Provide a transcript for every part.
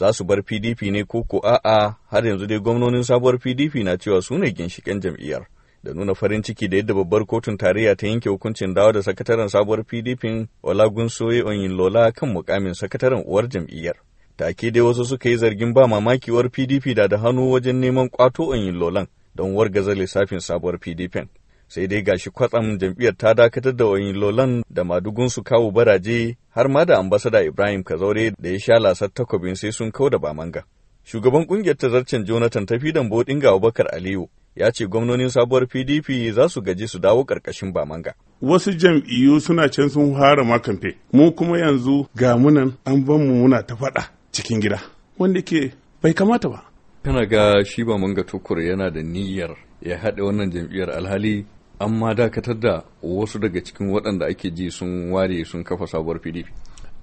za su bar PDP ne ko ko a'a har yanzu dai gwamnonin sabuwar PDP na cewa su ne ginshiƙen jam'iyyar. Da nuna farin ciki da yadda babbar kotun tarayya ta yanke hukuncin dawo da sakataren sabuwar PDP Olagun Soye lola kan mukamin sakataren uwar jam'iyyar. Take dai wasu suka yi zargin ba mamakiwar PDP da da hannu wajen neman kwato Onyinlolan don wargaza lissafin sabuwar PDP. sai dai gashi kwatsam jam'iyyar ta dakatar da wani lolan da su kawo baraje har ma da ambasada ibrahim kazaure da ya sha lasar takobin sai sun kau da bamanga shugaban kungiyar tazarcen jonathan tafi dambo ga abubakar aliyu ya ce gwamnonin sabuwar pdp za su gaji su dawo karkashin bamanga wasu jam'iyyu suna can sun fara ma kamfe mu kuma yanzu ga munan an ban mu muna ta faɗa cikin gida wanda ke bai kamata ba kana ga shi bamanga tukur yana da niyyar ya haɗa wannan jam'iyyar alhali an ma dakatar da wasu daga cikin waɗanda ake ji sun ware sun kafa sabuwar pdp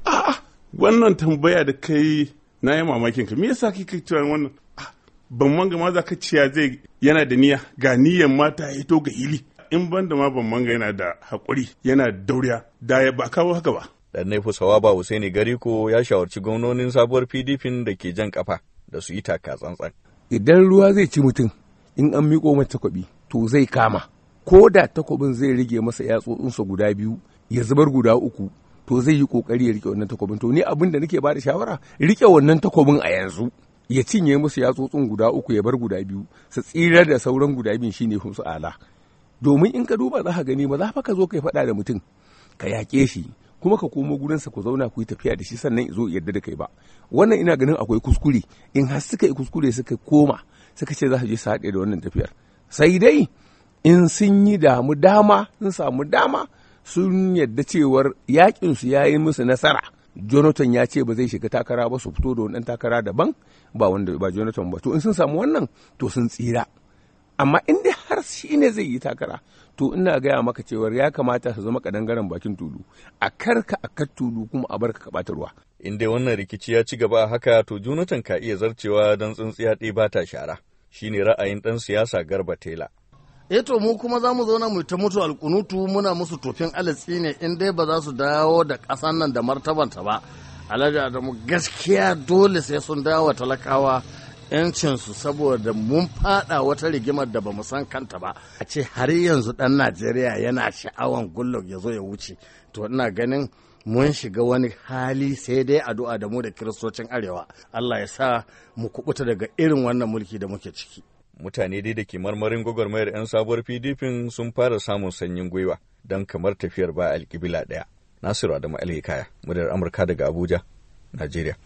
a'a wannan tambaya da kai na yi mamakin ka me yasa kike cewa wannan ah, ban manga ma za ka ciya zai yana da niyya ga niyyan mata ya to ga hili in ban da ma ban manga yana da haƙuri yana da dauriya da ya ba kawo haka ba dan fusawa sawaba Husaini Gariko ya shawarci gwamnonin sabuwar PDP da ke jan kafa da su yi taka tsantsan idan ruwa zai ci mutum in an miko mata kwabi to zai kama ko da takobin zai rage masa yatsutsunsa guda biyu ya zubar guda uku to zai yi kokari ya rike wannan takobin to ni abin da nake bada shawara rike wannan takobin a yanzu ya cinye musu yatsutsun guda uku ya bar guda biyu su tsira da sauran guda biyu shine su ala domin in ka duba za ka gani ba za fa ka zo kai faɗa da mutum ka yaƙe shi kuma ka komo gurinsa ku zauna ku yi tafiya da shi sannan zo yarda da kai ba wannan ina ganin akwai kuskure in har suka yi kuskure suka koma suka ce za su je su haɗe da wannan tafiyar sai dai in sun yi damu dama sun samu dama sun yadda cewar yakinsu ya yi musu nasara jonathan ya ce ba zai shiga takara ba su fito da wani takara daban ba wanda ba jonathan ba to in sun samu wannan to sun tsira amma in dai har shi ne zai yi takara to ina gaya maka cewar ya kamata su zama kadangaren bakin tulu a karka a kar tulu kuma a barka ka bata ruwa in dai wannan rikici ya ci gaba haka to jonathan ka iya zarcewa don tsintsiya ɗaya ba ta shara shine ra'ayin ɗan siyasa garba tela Eto eh mu kuma za mu zauna mu ta mutu alkunutu muna musu tofin alatsi ne in dai ba za su dawo da ƙasan nan da martabanta ba alhaji adamu gaskiya dole sai sun dawo talakawa yancinsu saboda mun fada wata rigimar da ba mu san kanta ba a ce har yanzu dan najeriya yana sha'awan gullok ya zo ya wuce to ina ganin mun shiga wani hali sai dai addu'a da mu da kiristocin arewa allah ya sa mu kubuta daga irin wannan mulki da muke ciki mutane dai da ke marmarin gwagwarmayar 'yan sabuwar pdp sun fara samun sanyin gwiwa don kamar tafiyar ba alƙibila ɗaya nasiru adamu alhikaya muryar amurka daga abuja najeriya